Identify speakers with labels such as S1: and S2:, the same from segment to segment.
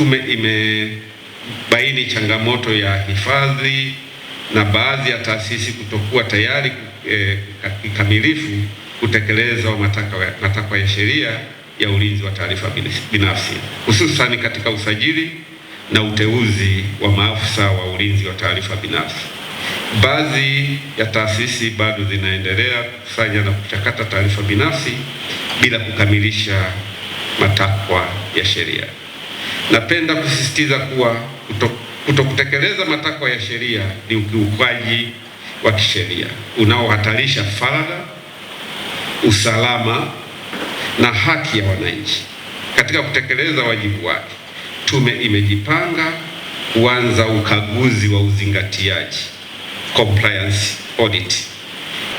S1: tume imebaini changamoto ya hifadhi na baadhi ya taasisi kutokuwa tayari eh, kikamilifu kutekeleza matakwa ya sheria ya ulinzi wa taarifa binafsi hususani katika usajili na uteuzi wa maafisa wa ulinzi wa taarifa binafsi. Baadhi ya taasisi bado zinaendelea kukusanya na kuchakata taarifa binafsi bila kukamilisha matakwa ya sheria. Napenda kusisitiza kuwa kutokutekeleza matakwa ya sheria ni ukiukaji wa kisheria unaohatarisha faragha, usalama na haki ya wananchi. Katika kutekeleza wajibu wake, tume imejipanga kuanza ukaguzi wa uzingatiaji compliance audit.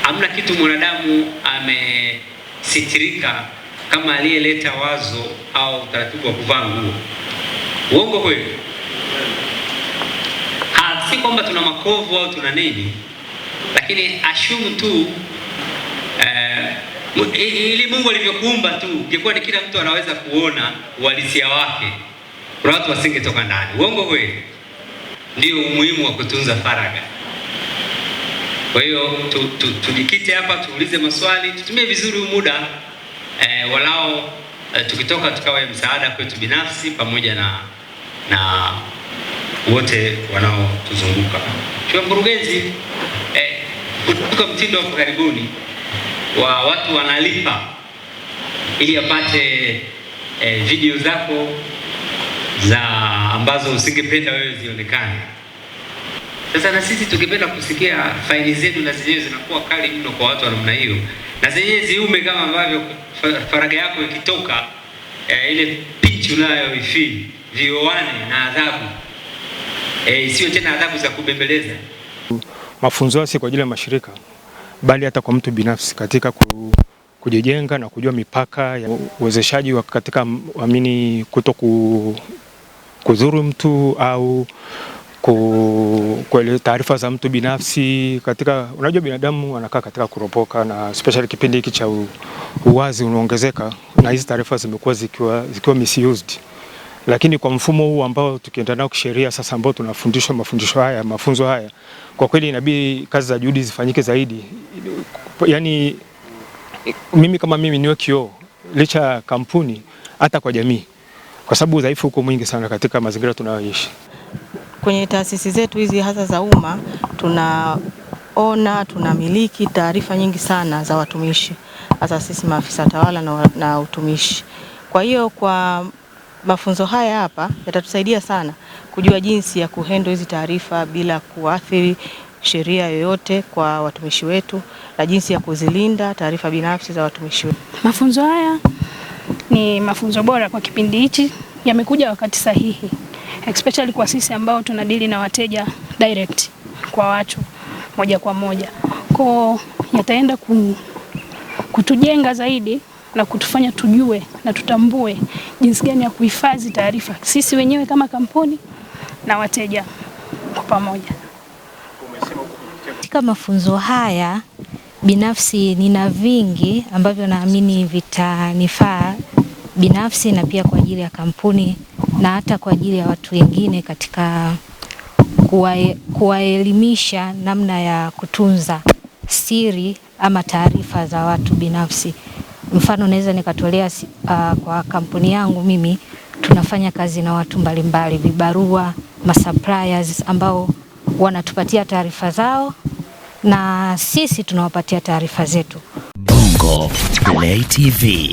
S2: Amna kitu mwanadamu amesitirika kama aliyeleta wazo au utaratibu wa kuvaa nguo. Uongo kweli? Ah, si kwamba tuna makovu au tuna nini, lakini ashumu tu uh, ili Mungu alivyokuumba tu, ingekuwa ni kila mtu anaweza kuona uhalisia wake, kuna watu wasingetoka ndani. Uongo kweli? Ndio umuhimu wa kutunza faraga Kwa hiyo tujikite tu, tu, hapa tuulize maswali, tutumie vizuri muda eh, walao eh, tukitoka tukawe msaada kwetu binafsi pamoja na na wote wanaotuzunguka. Mheshimiwa Mkurugenzi, eh, kutoka mtindo wa karibuni wa watu wanalipa ili apate eh, video zako za ambazo usingependa wewe zionekane. Sasa na sisi tungependa kusikia faili zetu na zenyewe zinakuwa kali mno kwa watu wa namna hiyo, na zenyewe ziume kama ambavyo faraga yako ikitoka eh, ile unayo ifili vioane na adhabu e, eh, sio tena adhabu za kubembeleza.
S3: Mafunzo yasi si kwa ajili ya mashirika bali hata kwa mtu binafsi katika ku, kujijenga na kujua mipaka ya uwezeshaji wa katika amini kuto kudhuru mtu au kueleza taarifa za mtu binafsi katika, unajua binadamu anakaa katika kuropoka, na especially kipindi hiki cha uwazi unaongezeka, na hizi taarifa zimekuwa zikiwa, zikiwa misused. Lakini kwa mfumo huu ambao tukienda nao kisheria sasa, ambao tunafundishwa mafundisho haya, mafunzo haya, kwa kweli inabidi kazi za juhudi zifanyike zaidi. Yani mimi kama mimi niwe kioo licha ya kampuni, hata kwa jamii, kwa sababu udhaifu uko mwingi sana katika mazingira tunayoishi
S4: kwenye taasisi zetu hizi hasa za umma tunaona tunamiliki taarifa nyingi sana za watumishi, hasa sisi maafisa tawala na, na utumishi. Kwa hiyo kwa mafunzo haya hapa yatatusaidia sana kujua jinsi ya kuhendo hizi taarifa bila kuathiri sheria yoyote kwa watumishi wetu na jinsi ya kuzilinda taarifa binafsi za watumishi wetu.
S5: Mafunzo haya ni mafunzo bora kwa kipindi hichi, yamekuja wakati sahihi especially kwa sisi ambao tunadili na wateja direct kwa watu moja kwa moja. Kwa yataenda kutujenga zaidi na kutufanya tujue na tutambue jinsi gani ya kuhifadhi taarifa sisi wenyewe kama kampuni na wateja kwa pamoja.
S6: Katika mafunzo haya binafsi, nina vingi ambavyo naamini vitanifaa binafsi na pia kwa ajili ya kampuni na hata kwa ajili ya watu wengine katika kuwaelimisha namna ya kutunza siri ama taarifa za watu binafsi. Mfano naweza nikatolea uh, kwa kampuni yangu mimi tunafanya kazi na watu mbalimbali, vibarua, masuppliers ambao wanatupatia taarifa zao na sisi tunawapatia taarifa zetu. Bongo Play TV.